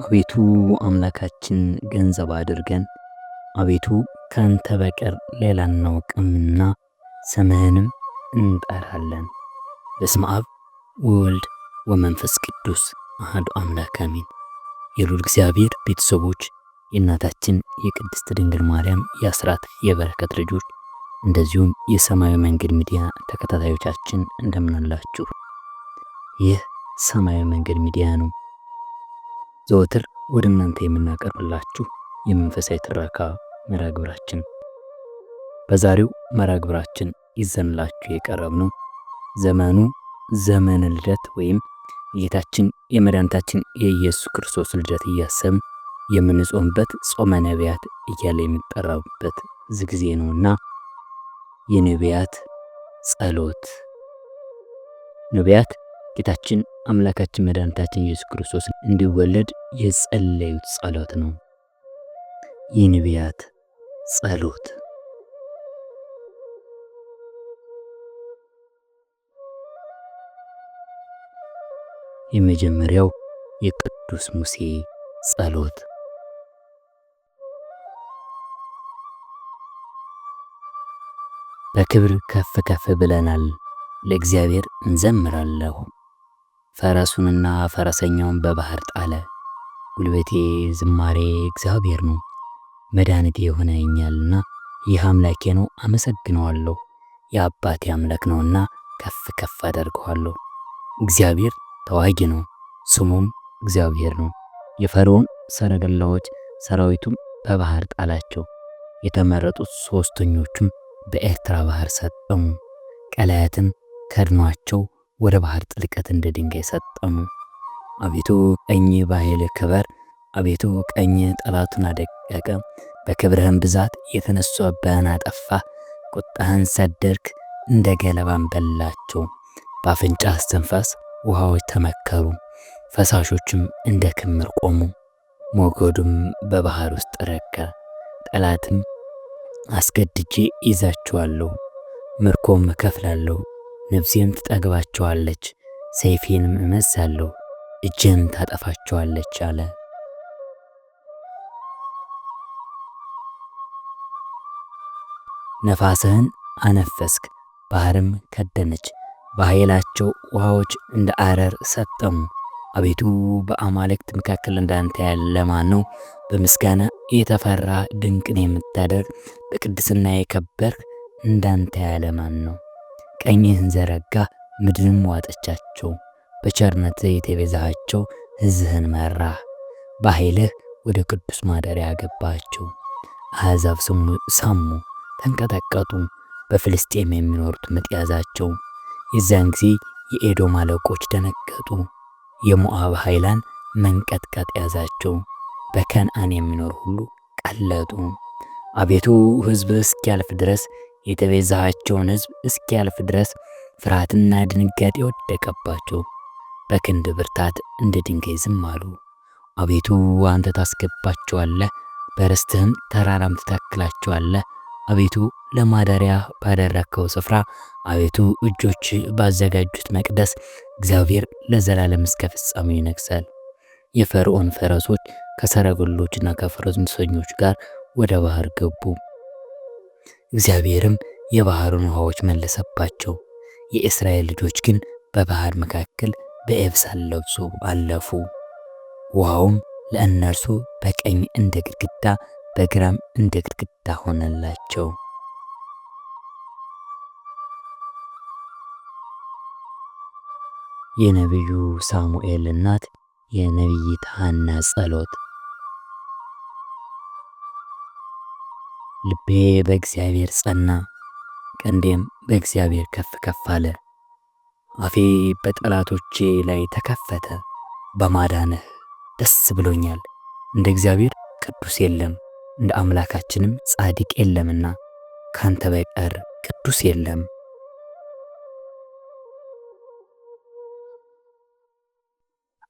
አቤቱ አምላካችን ገንዘብ አድርገን፣ አቤቱ ከአንተ በቀር ሌላ እናውቅምና ስምህንም እንጠራለን። በስመ አብ ወወልድ ወመንፈስ ቅዱስ አህዱ አምላክ አሜን። የሉል እግዚአብሔር ቤተሰቦች የእናታችን የቅድስት ድንግል ማርያም የአስራት የበረከት ልጆች እንደዚሁም የሰማያዊ መንገድ ሚዲያ ተከታታዮቻችን እንደምናላችሁ። ይህ ሰማያዊ መንገድ ሚዲያ ነው። ዘወትር ወደ እናንተ የምናቀርብላችሁ የመንፈሳዊ ትረካ መርሃ ግብራችን። በዛሬው መርሃ ግብራችን ይዘንላችሁ ነው ዘመኑ ዘመን ልደት ወይም ጌታችን የመድኃኒታችን የኢየሱስ ክርስቶስ ልደት እያሰብን የምንጾምበት ጾመ ነቢያት እያለ የሚጠራበት ዝጊዜ ነውና የነቢያት ጸሎት ነቢያት ጌታችን አምላካችን መድኃኒታችን ኢየሱስ ክርስቶስ እንዲወለድ የጸለዩት ጸሎት ነው። የነቢያት ጸሎት የመጀመሪያው የቅዱስ ሙሴ ጸሎት በክብር ከፍ ከፍ ብለናል፣ ለእግዚአብሔር እንዘምራለሁ። ፈረሱንና ፈረሰኛውን በባህር ጣለ። ጉልበቴ ዝማሬ እግዚአብሔር ነው፣ መድኃኒቴ የሆነኛልና ይህ አምላኬ ነው፣ አመሰግነዋለሁ። የአባቴ አምላክ ነውና ከፍ ከፍ አደርገዋለሁ። እግዚአብሔር ተዋጊ ነው፣ ስሙም እግዚአብሔር ነው። የፈርዖን ሰረገላዎች ሰራዊቱም በባህር ጣላቸው። የተመረጡት ሦስተኞቹም በኤርትራ ባህር ሰጠሙ። ቀላያትም ከድኗቸው ወደ ባህር ጥልቀት እንደ ድንጋይ ሰጠሙ። አቤቱ ቀኝ ባህል ክበር፣ አቤቱ ቀኝ ጠላቱን አደቀቀ። በክብርህም ብዛት የተነሱብህን አጠፋ። ቁጣህን ሰደርክ፣ እንደ ገለባን በላቸው። በአፍንጫ አስተንፋስ ውሃዎች ተመከሩ፣ ፈሳሾችም እንደ ክምር ቆሙ። ሞገዱም በባህር ውስጥ ረገረ። ጠላትም አስገድጄ ይዛችኋለሁ፣ ምርኮም እከፍላለሁ ነፍሴም ትጠግባቸዋለች፣ ሰይፌንም እመዝዛለሁ፣ እጄም ታጠፋቸዋለች አለ። ነፋስህን አነፈስክ፣ ባህርም ከደነች፣ በኃይላቸው ውሃዎች እንደ አረር ሰጠሙ። አቤቱ በአማልክት መካከል እንዳንተ ያለ ማን ነው? በምስጋና የተፈራ ድንቅን የምታደርግ በቅድስና የከበርክ እንዳንተ ያለ ማን ነው? ቀኝህን ዘረጋ፣ ምድርም ዋጠቻቸው። በቸርነትህ የተቤዛሃቸው ሕዝብህን መራህ፣ በኃይልህ ወደ ቅዱስ ማደሪያ ገባቸው። አሕዛብ ሰሙ፣ ተንቀጠቀጡ፣ በፍልስጤም የሚኖሩት ምጥ ያዛቸው። የዚያን ጊዜ የኤዶም አለቆች ደነገጡ፣ የሞዓብ ኃይላን መንቀጥቀጥ ያዛቸው። በከነዓን የሚኖር ሁሉ ቀለጡ። አቤቱ ሕዝብ እስኪያልፍ ድረስ የተቤዛቸውን ሕዝብ እስኪያልፍ ድረስ ፍርሃትና ድንጋጤ ወደቀባቸው። በክንድ ብርታት እንደ ድንጋይ ዝም አሉ። አቤቱ አንተ ታስገባቸዋለህ፣ በርስትህም ተራራም ትተክላቸዋለህ። አቤቱ ለማደሪያ ባደረከው ስፍራ፣ አቤቱ እጆች ባዘጋጁት መቅደስ እግዚአብሔር ለዘላለም እስከ ፍጻሜው ይነግሣል። የፈርዖን ፈረሶች ከሰረገሎችና ከፈረሰኞች ጋር ወደ ባህር ገቡ። እግዚአብሔርም የባህሩን ውሃዎች መለሰባቸው። የእስራኤል ልጆች ግን በባህር መካከል በኤብሳል ለብሶ አለፉ። ውሃውም ለእነርሱ በቀኝ እንደ ግድግዳ በግራም እንደ ግድግዳ ሆነላቸው። የነቢዩ ሳሙኤል እናት የነቢይት ሐና ጸሎት ልቤ በእግዚአብሔር ጸና፣ ቀንዴም በእግዚአብሔር ከፍ ከፍ አለ። አፌ በጠላቶቼ ላይ ተከፈተ፣ በማዳንህ ደስ ብሎኛል። እንደ እግዚአብሔር ቅዱስ የለም፣ እንደ አምላካችንም ጻድቅ የለምና ካንተ በቀር ቅዱስ የለም።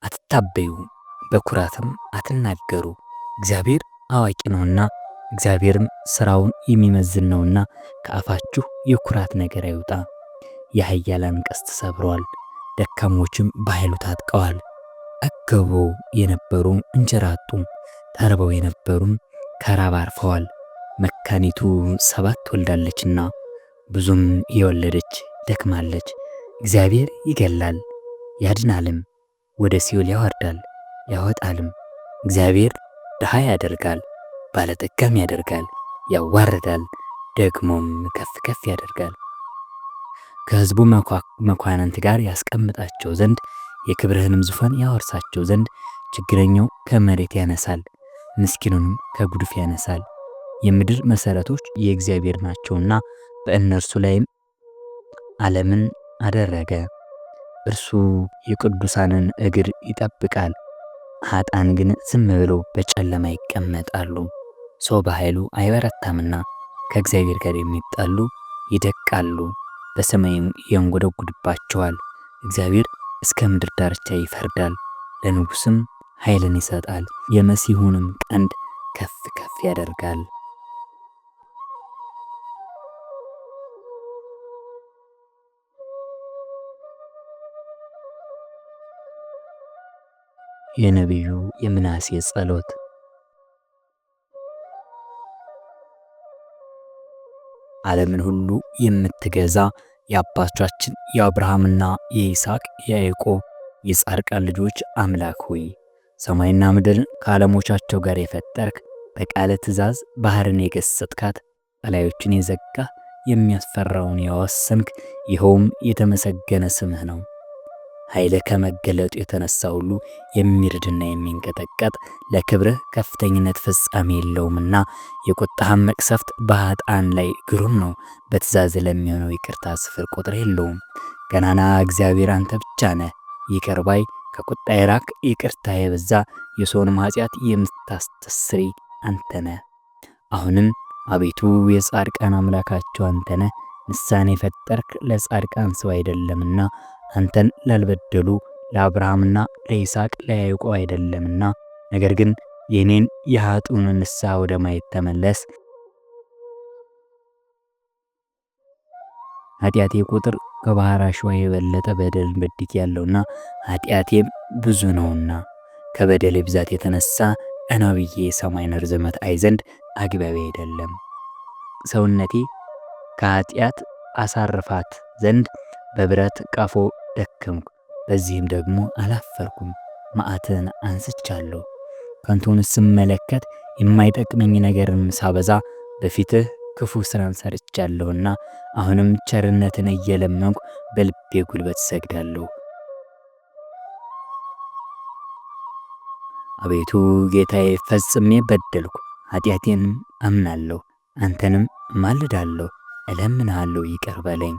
አትታበዩ፣ በኩራትም አትናገሩ፣ እግዚአብሔር አዋቂ ነውና እግዚአብሔርም ሥራውን የሚመዝን ነውና ከአፋችሁ የኩራት ነገር አይውጣ። የኃያላን ቀስት ሰብረዋል፣ ደካሞችም በኃይሉ ታጥቀዋል። ጠግበው የነበሩም እንጀራ አጡ፣ ተርበው የነበሩም ከራብ አርፈዋል። መካኒቱ ሰባት ወልዳለችና ብዙም የወለደች ደክማለች። እግዚአብሔር ይገላል ያድናልም፣ ወደ ሲኦል ያወርዳል ያወጣልም። እግዚአብሔር ድሃ ያደርጋል ባለጠጋም ያደርጋል፣ ያዋርዳል፣ ደግሞም ከፍ ከፍ ያደርጋል። ከሕዝቡ መኳንንት ጋር ያስቀምጣቸው ዘንድ የክብርህንም ዙፋን ያወርሳቸው ዘንድ ችግረኛው ከመሬት ያነሳል፣ ምስኪኑንም ከጉድፍ ያነሳል። የምድር መሰረቶች የእግዚአብሔር ናቸውና በእነርሱ ላይም ዓለምን አደረገ። እርሱ የቅዱሳንን እግር ይጠብቃል፣ ኃጣን ግን ዝም ብሎ በጨለማ ይቀመጣሉ። ሰው በኃይሉ አይበረታምና ከእግዚአብሔር ጋር የሚጣሉ ይደቃሉ፣ በሰማይም ያንጎደጉድባቸዋል። እግዚአብሔር እስከ ምድር ዳርቻ ይፈርዳል፣ ለንጉሥም ኃይልን ይሰጣል፣ የመሲሁንም ቀንድ ከፍ ከፍ ያደርጋል። የነቢዩ የምናሴ ጸሎት ዓለምን ሁሉ የምትገዛ የአባቶቻችን የአብርሃምና የይስሐቅ የያዕቆብ የጻድቃን ልጆች አምላክ ሆይ ሰማይና ምድርን ከዓለሞቻቸው ጋር የፈጠርክ በቃለ ትእዛዝ ባህርን የገሰጥካት ጠላዮችን የዘጋ የሚያስፈራውን ያወሰንክ ይኸውም የተመሰገነ ስምህ ነው። ኃይለ ከመገለጡ የተነሳ ሁሉ የሚርድና የሚንቀጠቀጥ ለክብርህ ከፍተኝነት ፍጻሜ የለውምና የቁጣህን መቅሰፍት በኃጥአን ላይ ግሩም ነው። በትእዛዝ ለሚሆነው ይቅርታ ስፍር ቁጥር የለውም። ገናና እግዚአብሔር አንተ ብቻ ነህ። ይቅር ባይ፣ ከቁጣ የራቅ ይቅርታ የበዛ የሰውን ማጽያት የምታስተስሪ አንተ ነህ። አሁንም አቤቱ የጻድቃን አምላካቸው አንተ ነህ። ንስሐን የፈጠርክ ለጻድቃን ሰው አይደለምና አንተን ላልበደሉ ለአብርሃምና ለይስሐቅ ለያዕቆብ አይደለምና፣ ነገር ግን የኔን የኃጥኡን ንስሐ ወደ ማየት ተመለስ። ኃጢአቴ ቁጥር ከባሕር አሸዋ የበለጠ በደል በድቅ ያለውና ኃጢአቴም ብዙ ነውና ከበደሌ ብዛት የተነሳ ቀና ብዬ የሰማይን ርዝመት አይ ዘንድ አግባቢ አይደለም። ሰውነቴ ከኃጢአት አሳርፋት ዘንድ በብረት ቀፎ ደከምኩ፣ በዚህም ደግሞ አላፈርኩም። ማዕትን አንስቻለሁ። ከንቱን ስመለከት የማይጠቅመኝ ነገርም ሳበዛ በፊትህ ክፉ ስራን ሰርቻለሁና አሁንም ቸርነትን እየለመንኩ በልቤ ጉልበት ሰግዳለሁ። አቤቱ ጌታዬ ፈጽሜ በደልኩ፣ ኃጢአቴንም አምናለሁ። አንተንም ማልዳለሁ፣ እለምንሃለሁ ይቅር በለኝ።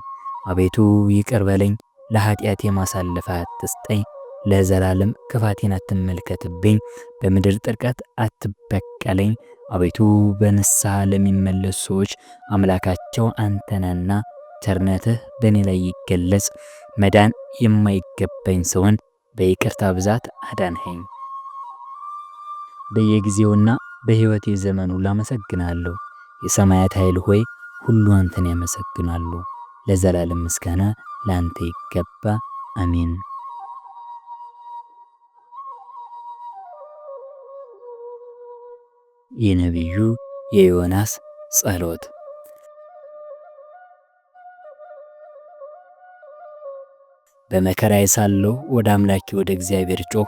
አቤቱ ይቅር በለኝ፣ ለኃጢአቴ ማሳለፈ አትስጠኝ። ለዘላለም ክፋቴን አትመልከትብኝ፣ በምድር ጥልቀት አትበቀለኝ። አቤቱ በንስሐ ለሚመለሱ ሰዎች አምላካቸው አንተ ነህና ቸርነትህ በእኔ ላይ ይገለጽ። መዳን የማይገባኝ ሰውን በይቅርታ ብዛት አዳንኸኝ። በየጊዜውና በሕይወቴ ዘመኑ ላመሰግናለሁ። የሰማያት ኃይል ሆይ ሁሉ አንተን ያመሰግናሉ። ለዘላለም ምስጋና ለአንተ ይገባ፣ አሜን። የነቢዩ የዮናስ ጸሎት በመከራዬ ሳለሁ ወደ አምላኬ ወደ እግዚአብሔር ጮህ፣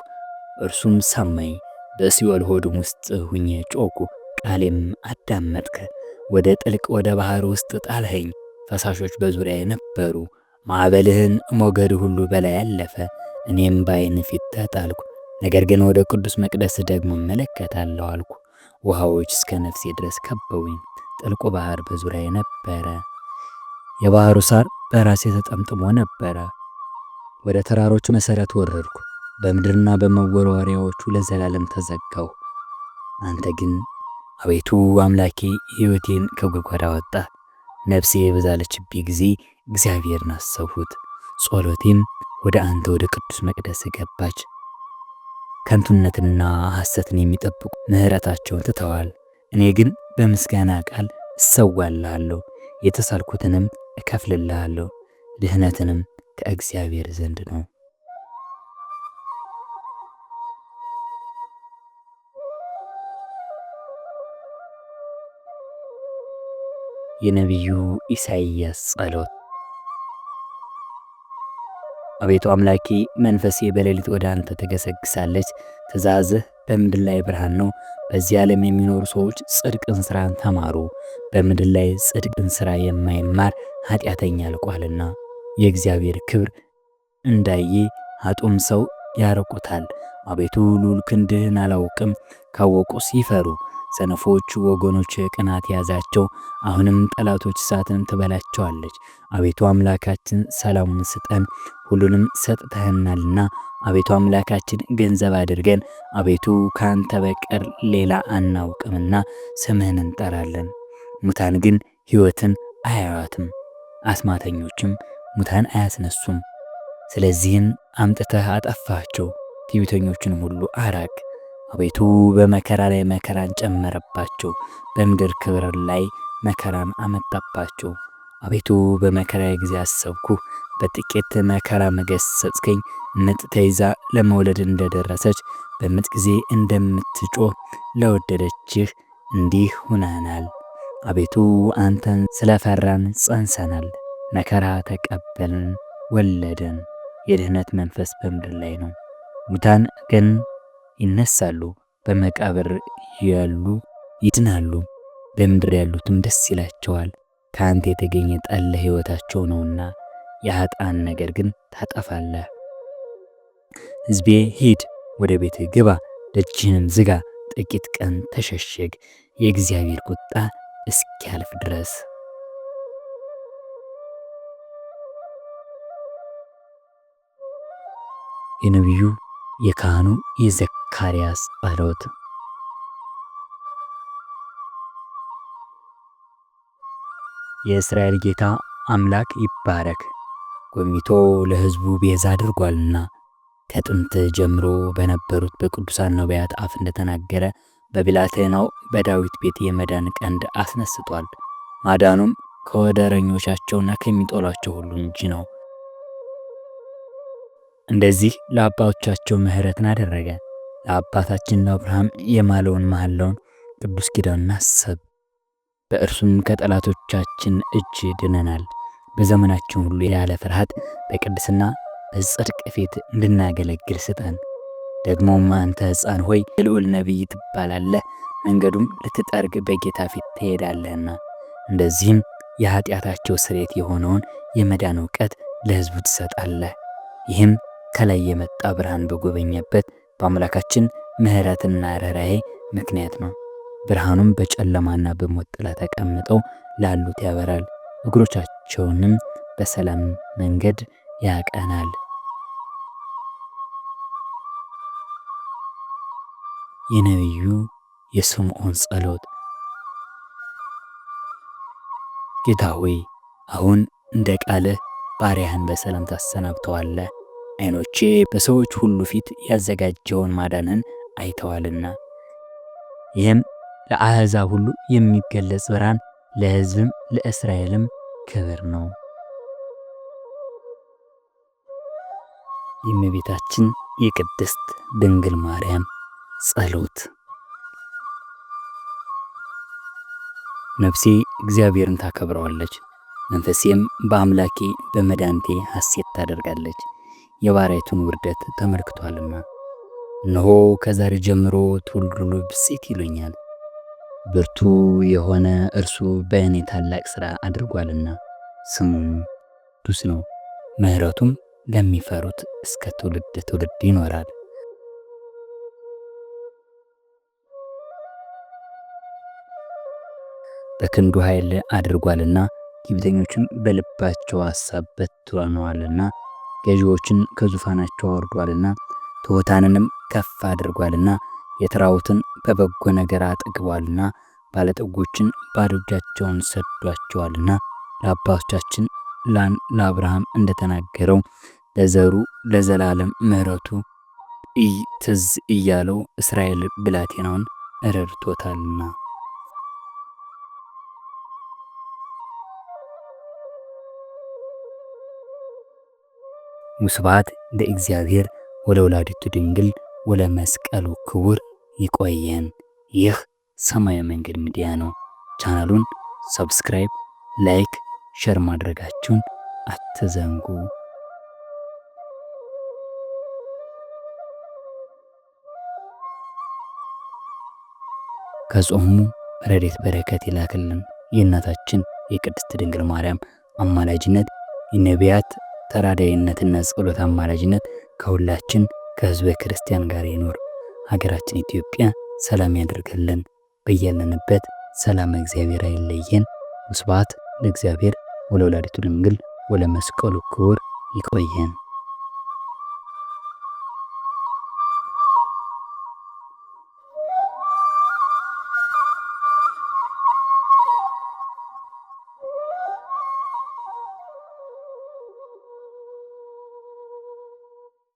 እርሱም ሰማኝ። በሲኦል ሆድም ውስጥ ሁኜ ጮኩ፣ ቃሌም አዳመጥከ ወደ ጥልቅ ወደ ባህር ውስጥ ጣልኸኝ፣ ፈሳሾች በዙሪያ የነበሩ ማዕበልህን ሞገድ ሁሉ በላይ አለፈ። እኔም በዓይን ፊት ተጣልኩ። ነገር ግን ወደ ቅዱስ መቅደስ ደግሞ እመለከታለሁ አልኩ። ውሃዎች እስከ ነፍሴ ድረስ ከበውኝ፣ ጥልቁ ባህር በዙሪያ ነበረ። የባህሩ ሳር በራሴ ተጠምጥሞ ነበረ። ወደ ተራሮች መሰረት ወረድኩ። በምድርና በመወርወሪያዎቹ ለዘላለም ተዘጋሁ። አንተ ግን አቤቱ አምላኬ ሕይወቴን ከጉድጓድ አወጣ። ነፍሴ በዛለችብኝ ጊዜ እግዚአብሔርን አሰብሁት፣ ጸሎቴም ወደ አንተ ወደ ቅዱስ መቅደስ ገባች። ከንቱነትና ሐሰትን የሚጠብቁ ምሕረታቸውን ትተዋል። እኔ ግን በምስጋና ቃል እሰዋልሃለሁ፣ የተሳልኩትንም እከፍልልሃለሁ። ድህነትንም ከእግዚአብሔር ዘንድ ነው። የነቢዩ ኢሳይያስ ጸሎት። አቤቱ አምላኬ መንፈሴ በሌሊት ወደ አንተ ተገሰግሳለች። ትእዛዝህ በምድር ላይ ብርሃን ነው። በዚህ ዓለም የሚኖሩ ሰዎች ጽድቅን ሥራን ተማሩ። በምድር ላይ ጽድቅን ሥራ የማይማር ኃጢአተኛ አልቋልና የእግዚአብሔር ክብር እንዳየ አጡም ሰው ያርቁታል። አቤቱ ልዑል ክንድህን አላውቅም፣ ካወቁስ ይፈሩ። ሰነፎቹ ወገኖች ቅናት ያዛቸው፣ አሁንም ጠላቶች እሳትን ትበላቸዋለች። አቤቱ አምላካችን ሰላሙን ስጠን፣ ሁሉንም ሰጥተህናልና። አቤቱ አምላካችን ገንዘብ አድርገን፣ አቤቱ ካንተ በቀር ሌላ አናውቅምና ስምህን እንጠራለን። ሙታን ግን ሕይወትን አያዩአትም፣ አስማተኞችም ሙታን አያስነሱም። ስለዚህም አምጥተህ አጠፋቸው፣ ትዕቢተኞችን ሁሉ አራቅ። አቤቱ በመከራ ላይ መከራን ጨመረባቸው፣ በምድር ክብር ላይ መከራን አመጣባቸው። አቤቱ በመከራ ጊዜ አሰብኩ፣ በጥቂት መከራ መገሰጽከኝ። ምጥ ተይዛ ለመውለድ እንደደረሰች በምጥ ጊዜ እንደምትጮህ ለወደደችህ እንዲህ ሁነናል። አቤቱ አንተን ስለፈራን ጸንሰናል፣ መከራ ተቀበልን፣ ወለደን። የድህነት መንፈስ በምድር ላይ ነው። ሙታን ግን ይነሳሉ፣ በመቃብር ያሉ ይድናሉ፣ በምድር ያሉትም ደስ ይላቸዋል። ከአንተ የተገኘ ጠለ ሕይወታቸው ነውና የአጣን ነገር ግን ታጠፋለህ። ሕዝቤ ሂድ፣ ወደ ቤት ግባ፣ ደጅህንም ዝጋ፣ ጥቂት ቀን ተሸሸግ፣ የእግዚአብሔር ቁጣ እስኪያልፍ ድረስ። የነቢዩ የካህኑ የዘ ካሪያስ አሉት። የእስራኤል ጌታ አምላክ ይባረክ፣ ጎብኝቶ ለሕዝቡ ቤዛ አድርጓልና ከጥንት ጀምሮ በነበሩት በቅዱሳን ነቢያት አፍ እንደተናገረ በብላቴናው በዳዊት ቤት የመዳን ቀንድ አስነስቷል። ማዳኑም ከወደረኞቻቸውና ከሚጠሏቸው ሁሉ እንጂ ነው። እንደዚህ ለአባቶቻቸው ምሕረትን አደረገ። ለአባታችን ለአብርሃም የማለውን መሐላውን ቅዱስ ኪዳኑን አሰብ። በእርሱም ከጠላቶቻችን እጅ ድነናል። በዘመናችን ሁሉ ያለ ፍርሃት በቅድስና በጽድቅ ፊት እንድናገለግል ስጠን። ደግሞም አንተ ሕፃን ሆይ የልዑል ነቢይ ትባላለህ፣ መንገዱም ልትጠርግ በጌታ ፊት ትሄዳለህና። እንደዚህም የኃጢአታቸው ስሬት የሆነውን የመዳን እውቀት ለሕዝቡ ትሰጣለህ። ይህም ከላይ የመጣ ብርሃን በጎበኘበት በአምላካችን ምሕረትና ርኅራኄ ምክንያት ነው። ብርሃኑም በጨለማና በሞት ጥላ ተቀምጠው ላሉት ያበራል፣ እግሮቻቸውንም በሰላም መንገድ ያቀናል። የነቢዩ የስምዖን ጸሎት። ጌታ ሆይ አሁን እንደ ቃልህ ባሪያህን በሰላም ታሰናብተዋለህ። ዓይኖቼ በሰዎች ሁሉ ፊት ያዘጋጀውን ማዳንን አይተዋልና። ይህም ለአሕዛብ ሁሉ የሚገለጽ ብርሃን፣ ለሕዝብም ለእስራኤልም ክብር ነው። የእመቤታችን የቅድስት ድንግል ማርያም ጸሎት። ነፍሴ እግዚአብሔርን ታከብረዋለች፣ መንፈሴም በአምላኬ በመድኃኒቴ ሐሴት ታደርጋለች። የባሪያይቱን ውርደት ተመልክቷልና፣ እነሆ ከዛሬ ጀምሮ ትውልዱ ሁሉ ይሉኛል፣ ብርቱ የሆነ እርሱ በእኔ ታላቅ ሥራ አድርጓልና። ስሙም ቅዱስ ነው፣ ምሕረቱም ለሚፈሩት እስከ ትውልድ ትውልድ ይኖራል። በክንዱ ኃይል አድርጓልና፣ ትዕቢተኞችም በልባቸው ሐሳብ በትነዋልና። ገዢዎችን ከዙፋናቸው አወርዷልና ትሑታንንም ከፍ አድርጓልና የተራቡትን በበጎ ነገር አጠግቧልና ባለጠጎችን ባዶ እጃቸውን ሰዷቸዋልና ለአባቶቻችን ለአብርሃም እንደተናገረው ለዘሩ ለዘላለም ምሕረቱ ትዝ እያለው እስራኤል ብላቴናውን ረድቶታልና። ወስብሐት ለእግዚአብሔር ወለወላዲቱ ድንግል ወለመስቀሉ ክቡር። ይቆየን። ይህ ሰማያዊ መንገድ ሚዲያ ነው። ቻናሉን ሰብስክራይብ፣ ላይክ፣ ሼር ማድረጋችሁን አትዘንጉ። ከጾሙ ረድኤት በረከት ይላክልን። የእናታችን የቅድስት ድንግል ማርያም አማላጅነት የነቢያት ተራዳይነትና ጸሎት አማላጅነት ከሁላችን ከህዝበ ክርስቲያን ጋር ይኖር። ሀገራችን ኢትዮጵያ ሰላም ያደርግልን። በያለንበት ሰላም እግዚአብሔር አይለየን። ስብሐት ለእግዚአብሔር ወለወላዲቱ ድንግል ወለመስቀሉ ክቡር። ይቆየን።